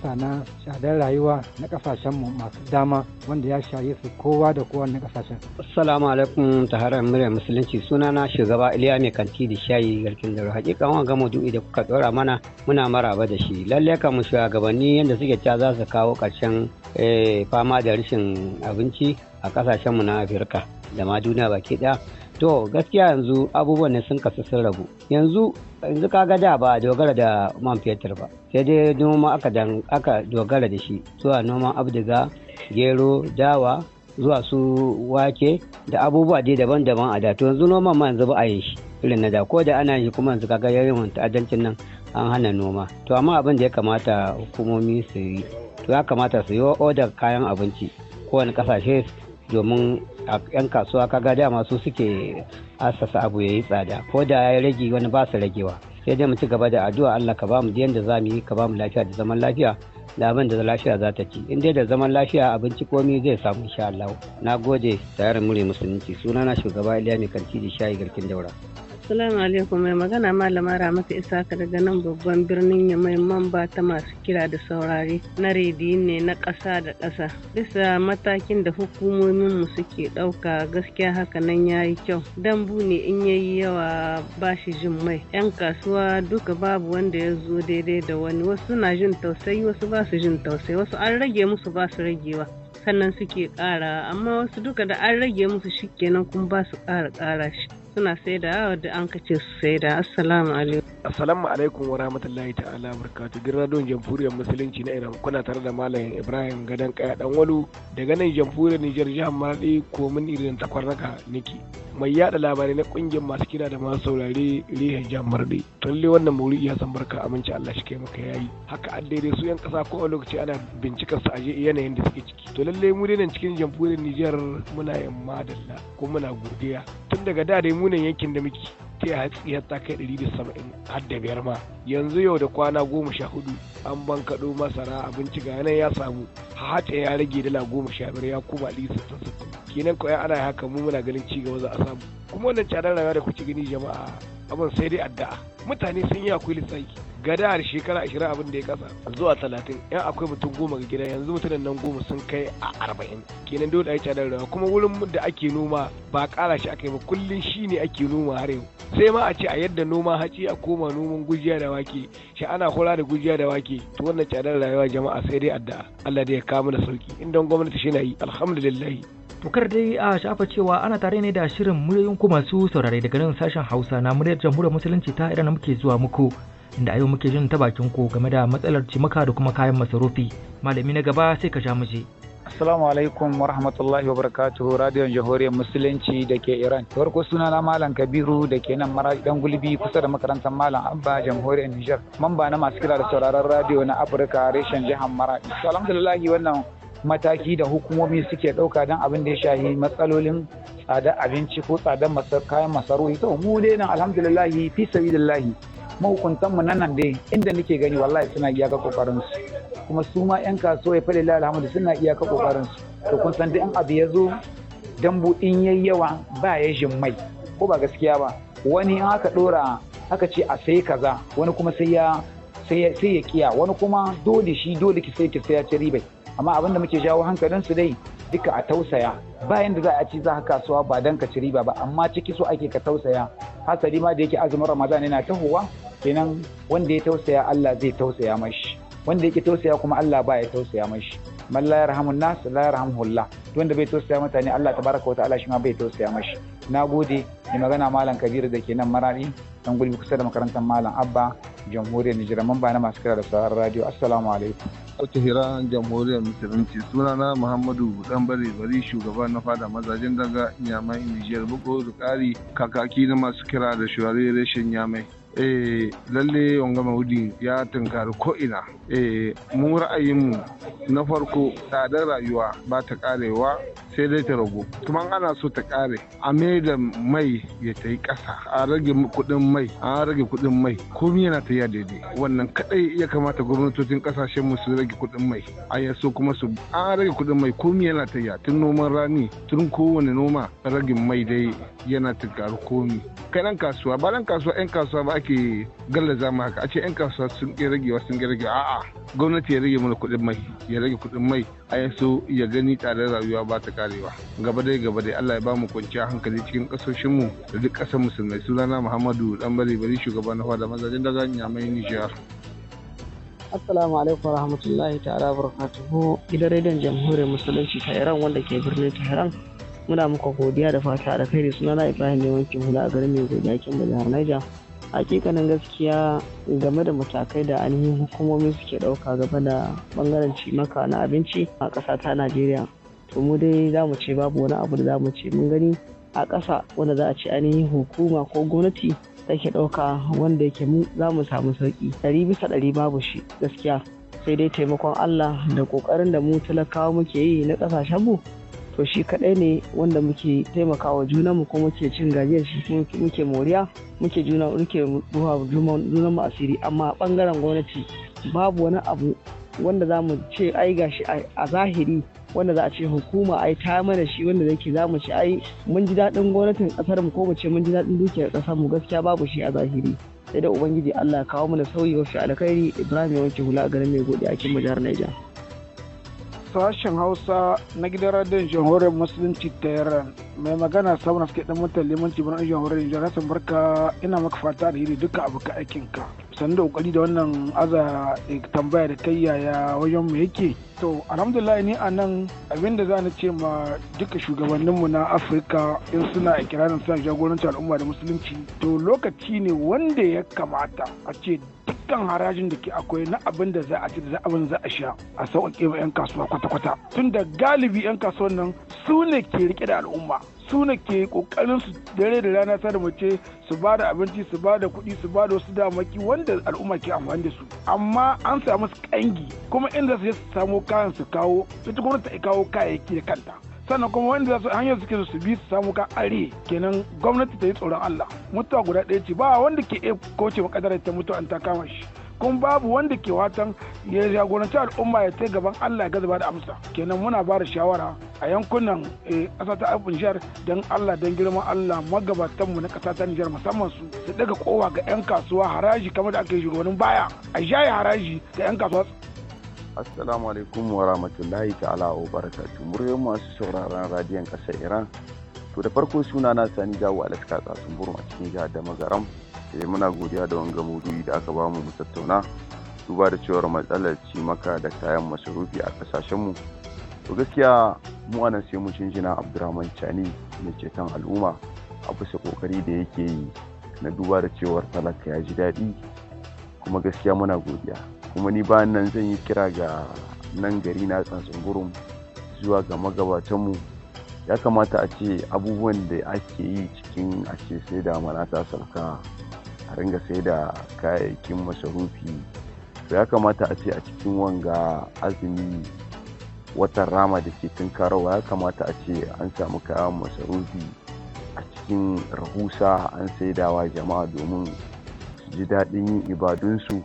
sa na shadar rayuwa na kasashen mu masu dama wanda ya shaye su kowa da kowa na kasashen assalamu alaikum taharar murya musulunci suna na shugaba iliya mai kanti da shayi garkin da hakika wanga maudu'i da kuka dora mana muna maraba da shi lalle kan mu shugabanni yanda suke ta za su kawo ƙarshen eh, fama da rashin abinci a ƙasashenmu na afirka da ma duniya baki ɗaya to gaskiya yanzu abubuwan ne sun kasu sun rabu yanzu yanzu kaga da ba a dogara da man fetur ba sai dai noma aka aka dogara da shi zuwa noman abdiga gero dawa zuwa su wake da abubuwa dai daban-daban a da to yanzu noman ma yanzu ba a yi shi irin na da ko da ana yi kuma yanzu kaga yayin ta'addancin nan an hana noma to amma abin da ya kamata hukumomi su yi to ya kamata su yi wa odar kayan abinci kowane kasashe domin yan kasuwa kaga dama su suke asasa abu ya yi tsada ko da ya rage wani ba su ragewa sai dai mu ci gaba da addu'a Allah ka ba mu yadda za mu yi ka ba lafiya da zaman lafiya da abin da lafiya za ta ci in dai da zaman lafiya abinci komi zai samu insha Allah na gode tayar mure musulunci sunana shugaba Iliya mai kanti da shayi garkin daura Assalamu alaikum mai magana malama Ramatu Isaka daga nan babban birnin Yamai mamba ta masu kira da saurari na rediyo ne na ƙasa da ƙasa. Bisa matakin da hukumomin mu suke ɗauka gaskiya haka nan ya yi kyau. Dambu ne in ya yi yawa ba shi jin mai. 'Yan kasuwa duka babu wanda ya zo daidai da wani wasu suna jin tausayi wasu ba su jin tausayi wasu an rage musu ba su ragewa. sannan suke ƙara amma wasu duka da an rage musu shikenan kuma ba su ƙara ƙara shi suna saida wadda an kace su saida assalamu alaikum assalamu alaikum wa rahmatullahi ta'ala barkatu gidan radon jamhuriyar musulunci na iran kuna tare da malam ibrahim gadan kaya dan walu daga nan jamhuriyar nijar jihar maradi komin irin takwarraka niki mai yada labarai na kungiyar masu kira da masu saurare riha jihar maradi talle wannan mauri ya san barka aminci allah shi kai maka yayi haka an su yan kasa ko a lokaci ana bincikar su aje yanayin da suke ciki to lallai mu dai nan cikin jamhuriyar nijar muna yamma dalla ko muna godiya tun daga da dai mu munan yankin da muke ta hatsi har ta kai ɗari saba'in har da biyar ma yanzu yau da kwana goma sha hudu an ban kaɗo masara abinci ga nan ya samu hata ya rage dala goma sha biyar ya koma ɗari sittin sittin kenan ko ana haka mu muna ganin ci gaba za a samu kuma wannan tsadar rayuwa da kuke gani jama'a abin sai dai addu'a mutane sun yi akwai lissafi gada da shekara ashirin abin da ya kasa zuwa talatin yan akwai mutum goma ga gida yanzu mutanen nan goma sun kai a arba'in kenan dole a yi cadar rawa kuma wurin da ake noma ba ƙara shi aka yi ba kullum shi ne ake noma har yau sai ma a ce a yadda noma haci a koma noman gujiya da wake shi ana kula da gujiya da wake to wannan cadar rayuwa jama'a sai dai addu'a Allah da ya kawo mana sauki in gwamnati shi na yi alhamdulillah tokar dai a shafa cewa ana tare ne da shirin muryoyin ku masu saurare daga nan sashen hausa na muryar jamhuriyar musulunci ta idan muke zuwa muku inda a yau muke jin ta bakin ku game da matsalar cimaka da kuma kayan masarufi malami na gaba sai ka sha mu je Assalamu alaikum wa rahmatullahi wa barakatuhu radiyon jahoriyar musulunci da ke Iran. Farko suna na Malam Kabiru da ke nan mara dan gulbi kusa da makarantar Malam Abba jamhuriyar Nijar. Mamba na masu kira da sauraron radiyo na Afirka reshen jihar Maradi. Alhamdulillah wannan mataki da hukumomi suke ɗauka don abin da ya shahi matsalolin tsadar abinci ko tsadar kayan masarufi. To mu dai nan alhamdulillah fi sabilillah mahukuntanmu na nan dai inda nake gani wallahi suna iyaka kokarin su kuma su ma yan kasuwa ya fadi alhamdu suna iyaka kokarin su to kun san duk an abu ya zo dan budin yayi yawa ba ya jin mai ko ba gaskiya ba wani in aka dora aka ce a sai kaza wani kuma sai ya sai ya kiya wani kuma dole shi dole ki sai ki sai ya ribai amma abin da muke jawo hankalin su dai duka a tausaya bayan da za a ci za ka kasuwa ba dan ka ci riba ba amma ciki so ake ka tausaya hasali ma da yake azumin ramadan yana tahowa kenan wanda ya tausaya Allah zai tausaya mashi wanda yake tausaya kuma Allah ba ya tausaya mashi man la yarhamun nas la yarhamuhullah wanda bai tausaya mutane Allah tabaraka wa ta'ala shi ma bai tausaya mashi na gode ne magana malam kabiru da ke nan maradi don gudu kusa da makarantar malam abba jamhuriyar nijar mamba na masu kira da sauran radio assalamu alaikum Sauti Jamhuriyar Musulunci sunana Muhammadu Dan Bari Bari shugaba na fada mazajen daga Nyamai Nijiyar Buko da ƙari kakaki na masu kira da shurare reshen Nyamai. Eh, lalle wanga maudi ya tunkari ko'ina eh, mu ra'ayinmu na farko tsadar rayuwa ba ta karewa sai dai ta ragu kuma ana so ta kare a da mai ya ta yi ƙasa a rage kuɗin mai a rage kuɗin mai komi yana ta yi daidai wannan kadai ya kamata gwamnatocin ƙasashen mu su rage kuɗin mai a ya so kuma su an rage kuɗin mai komi yana ta yi tun noman rani tun kowane noma rage mai dai yana ta karu komi kai dan kasuwa ba ɗan kasuwa 'yan kasuwa ba ake gallaza mu haka a ce 'yan kasuwa sun ƙi ragewa sun ƙi ragewa a'a gwamnati ya rage mana kuɗin mai ya rage kuɗin mai a ya so ya gani tsadar rayuwa ba ta karewa gaba dai gaba dai Allah ya ba mu kwanciya hankali cikin kasoshin mu da duk kasar musulmai sunana Muhammadu dan bari bari shugaban na fada zan ya mai Niger Assalamu alaikum warahmatullahi ta'ala barakatuhu gidan rediyon jamhuriyar musulunci ta Iran wanda ke birnin Tehran muna muka godiya da fata da kai sunana Ibrahim ne wankin hula a garin mai godiya kin da jihar Niger hakikanin gaskiya game da matakai da ainihin hukumomi suke ɗauka gaba da bangaren cimaka na abinci a ƙasa ta najeriya to mu dai za mu ce babu wani abu da za mu ce mun gani a ƙasa wanda za a ce ainihin hukuma ko gwamnati take ɗauka wanda yake mu za mu samu sauƙi ɗari bisa ɗari babu shi gaskiya sai dai taimakon Allah da ƙoƙarin da mu talakawa muke yi na mu to shi kaɗai ne wanda muke taimakawa juna mu ko muke cin gajiyar shi muke moriya muke juna muke ruwa mu asiri amma ɓangaren gwamnati babu wani abu wanda za mu ce ai gashi a zahiri wanda za a ce hukuma ai ta mana shi wanda zai za mu ci ai mun ji daɗin gwamnatin ƙasar mu ko mu ce mun ji daɗin dukiyar ƙasar mu gaskiya babu shi a zahiri sai da ubangiji Allah ya kawo mana sauyi wasu alkhairi Ibrahim ya wanke hula a garin mai gode a cikin jihar Niger. sashen hausa na gidan radiyon jamhuriyar musulunci ta iran mai magana samun suke dan mutan limanci birnin jamhuriyar na san barka ina maka fata da hiri duka abokan aikinka sannan da kokari da wannan aza eh, tambaya da kai yaya wajen mu yake to alhamdulillah ni a nan abinda za ni ce ma duka shugabanninmu na afirka in suna ikirarin suna jagorancin al'umma da musulunci to lokaci ne wanda ya kamata a ce dukkan harajin da ke akwai na abin da za a ci da abin za a sha a sauƙaƙe ma 'yan kasuwa kwata-kwata tunda galibi 'yan kasuwan nan su ne ke rike da al'umma su ne ke kokarin su dare da rana sa da mace su ba da abinci su ba da kuɗi su ba da wasu damaki wanda al'umma ke amfani da su amma an samu su kangi kuma inda su samu kayan su kawo ita gwamnati ta kawo kayayyaki da kanta sannan kuma wanda za su hanyar suke su bi su samu ka are kenan gwamnati ta yi tsoron Allah mutuwa guda ɗaya ce ba wanda ke iya kauce makadarar ta mutu an ta kama shi kun babu wanda ke watan ya jagoranci al'umma ya ta gaban Allah ya gaza ba da amsa kenan muna ba da shawara a yankunan eh, ƙasa ta Nijar don Allah don girman Allah magabatanmu na ƙasa ta Nijar musamman su su daga kowa ga 'yan kasuwa haraji kamar da ake yi baya a jaye haraji ga 'yan kasuwa Assalamu alaikum wa rahmatullahi ta'ala wa barakatu. Muryoyin masu sauraron radiyon ƙasar Iran. To da farko suna na Sani Jawo Alaska Tsatsun Burma cikin jihar da eh muna godiya da wanga maudu'i da aka bamu mu tattauna duba da cewar matsalar cimaka da kayan masarufi a kasashenmu to gaskiya mu anan sai mu shinjina abdurrahman chani mai ceton al'umma a bisa kokari da yake yi na duba da cewar talaka ya ji daɗi kuma gaskiya muna godiya kuma ni bayan nan zan yi kira ga nan gari na tsantsangurum zuwa ga magabatanmu ya kamata a ce abubuwan da ake yi cikin ake sai da mana ta sauka ringa sai da kayayyakin masarufi ya kamata a ce a cikin wanga azumi watan rama da ke tun karawa ya kamata a ce an samu kayan masarufi a cikin rahusa an saidawa jama'a domin su ji daɗin yin ibadunsu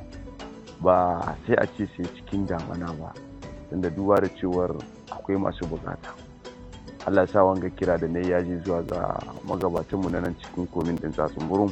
ba sai a ce sai cikin damana ba tunda duba da cewar akwai masu bukata allah sa wanga kira da na yaji zuwa ga magabatanmu na nan cikin komin ɗin tsatsun burin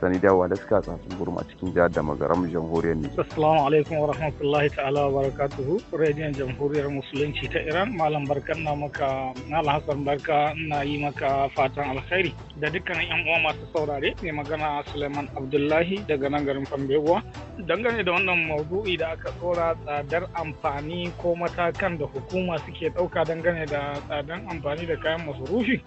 sani da da suka tsatsun sun a cikin jihar da magaram jamhuriyar ne. Assalamu alaikum wa rahmatullahi ta'ala wa barakatuhu rediyon jamhuriyar musulunci ta Iran malam barkan na maka na Hassan barka na yi maka fatan alkhairi da dukkanin yan uwa masu saurare ne magana Suleiman Abdullahi daga nan garin Fambewa dangane da wannan maudu'i da aka tsora tsadar amfani ko matakan da hukuma suke ɗauka dangane da tsadar amfani da kayan masarufi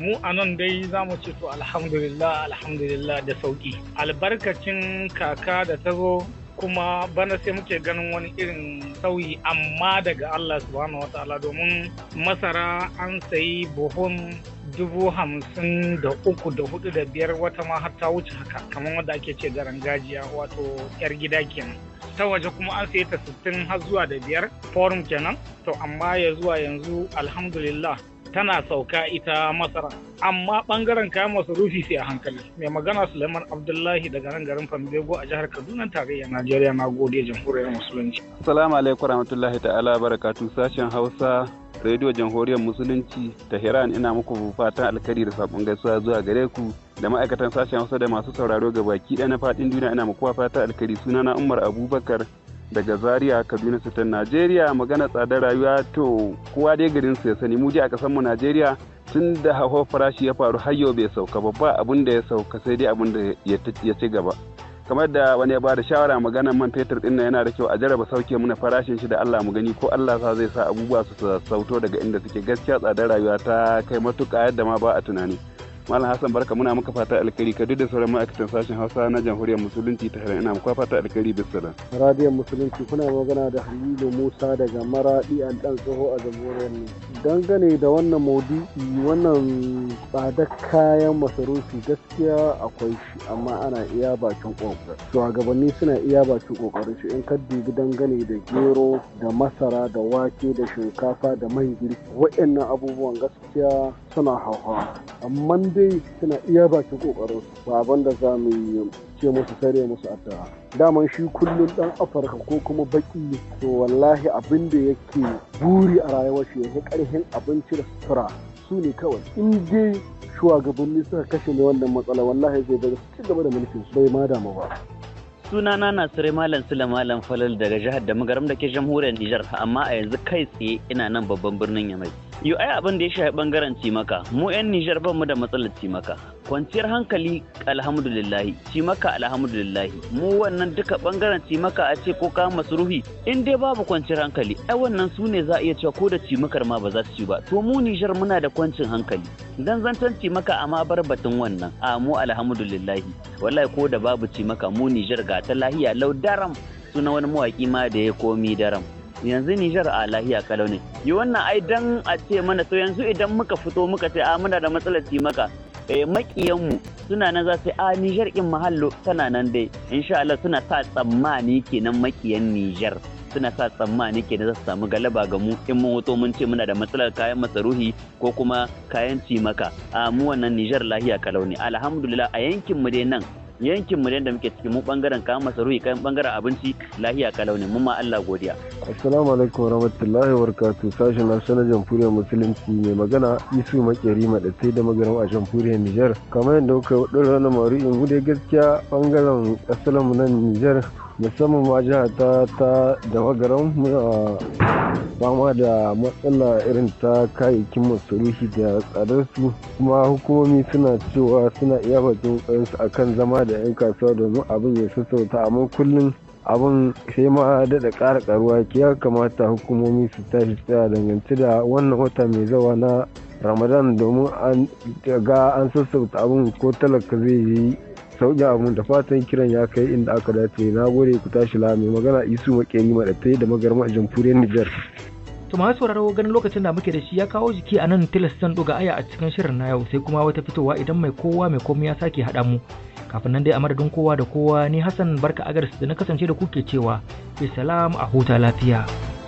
mu a nan dai za mu ce to alhamdulillah alhamdulillah da da sauki albarkacin kaka da ta zo kuma bana sai muke ganin wani irin sauyi amma daga Allah subhanahu wa ta'ala domin masara an sayi buhun dubu hamsin da uku da hudu da biyar wata ma har ta wuce haka kamar wanda ake ce garan gajiya wato yar gida kenan ta waje kuma an sayi ta sittin har zuwa da biyar forum kenan to amma ya zuwa yanzu alhamdulillah tana sauka ita masara amma bangaren kayan masarufi sai a hankali mai magana suleiman abdullahi daga nan garin fambego a jihar kaduna tarayyar najeriya na gode jamhuriyar musulunci assalamu alaikum rahmatullahi ta'ala barakatu sashen hausa rediyo jamhuriyar musulunci ta hiran ina muku fatan alkhairi da sabon gaisuwa zuwa gare ku da ma'aikatan sashen hausa da masu sauraro ga baki ɗaya na faɗin duniya ina muku fata alkhairi sunana umar abubakar daga Zaria Kaduna Sitan Najeriya magana tsadar rayuwa to kowa dai garin su ya sani muje a kasar mu Najeriya tun da hawa farashi ya faru har yau bai sauka babba ba abin da ya sauka sai dai abin da ya ci gaba kamar da wani ya bada shawara magana man fetur din yana da kyau a jaraba sauke muna farashin shi da Allah mu gani ko Allah sa zai sa abubuwa su sauto daga inda suke gaskiya tsadar rayuwa ta kai matuƙa yadda ma ba a tunani malam hassan barka muna maka fata alƙali, ka da sauran ma'aikatan sashen hausa na jamhuriyar musulunci ta ina maka fata alkhairi bisalan radiyon musulunci kuna magana da halilu musa daga maradi an dan tsoho a jamhuriyar ne dangane da wannan modi, wannan tsadar kayan masarufi gaskiya akwai shi amma ana iya bakin kokarin shugabanni suna iya bakin kokarin shi in ka dubi dangane da gero da masara da wake da shinkafa da man girki waɗannan abubuwan gaskiya suna hauhawa amma dai suna iya baki kokarin su ba abin da za mu yi ce musu sare musu addu'a daman shi kullum dan afirka ko kuma baki to wallahi abin da yake buri a rayuwar shi yake karfin abinci da sutura su ne kawai in dai shugabanni suka kashe ne wannan matsala wallahi zai daga ci gaba da mulkin su bai ma damu ba sunana na sire malam sula malam falal daga jihar da mugaram da ke jamhuriyar nijar amma a yanzu kai tsaye ina nan babban birnin yamai yo ai abin da ya shafi bangaren cimaka mu 'yan nijar ban mu da matsalar cimaka kwanciyar hankali alhamdulillahi cimaka alhamdulillahi mu wannan duka bangaren cimaka a ce ko kayan masarufi in dai babu kwanciyar hankali ai wannan su ne za a iya cewa ko da cimakar ma ba za su ci ba to mu nijar muna da kwancin hankali dan zancan cimaka a ma bar batun wannan a mu alhamdulillahi wallahi ko da babu cimaka mu nijar ga ta lahiya lau daram suna wani mawaki ma da ya komi daram yanzu Nijar a lahiya kalau ne yi wannan ai dan a ce mana to yanzu idan muka fito muka ce a muna da matsalar maka eh makiyanmu suna nan za su a Nijar in mahallo tana nan dai insha Allah suna sa tsammani kenan makiyan Nijar suna sa tsammani ke da za su samu galaba ga mu in mun hoto mun ce muna da matsalar kayan masaruhi ko kuma kayan cimaka a mu wannan Nijar lahiya kalau ne alhamdulillah a yankin mu dai nan yankin mu da muke ciki mu bangaren kayan masarufi kayan bangaren abinci lahiya kalau mun ma Allah godiya assalamu alaikum warahmatullahi wabarakatuh sashen Hausa Jamhuriyar Musulunci mai magana Isu Makeri ma da magaran a Jamhuriyar Nijar kamar yadda kuka dora na Maru in gude gaskiya bangaren asalin mu na Nijar musamman ma jihar ta ta da muna fama da matsala irin ta kayayyakin masarufi da tsadar su kuma hukumomi suna cewa suna iya bakin a kan zama da 'yan kasuwa domin abin ya sassauta amma kullum abin sai ma dada ƙara ƙaruwa ke ya kamata hukumomi su tashi tsaya dangance da wannan wata mai zawa na ramadan domin an ga an sassauta abin ko talaka zai yi sauƙi abun da fatan kiran ya kai inda aka dace na gode ku tashi la magana isu makeri maɗatai da magarma a jamhuriyar Nijar. To masu sauraro ganin lokacin da muke da shi ya kawo jiki a nan tilastan ɗuga aya a cikin shirin na yau sai kuma wata fitowa idan mai kowa mai komai ya sake haɗa mu. Kafin nan dai a madadin kowa da kowa ni Hassan Barka Agars da na kasance da kuke cewa, Bisalam a huta lafiya.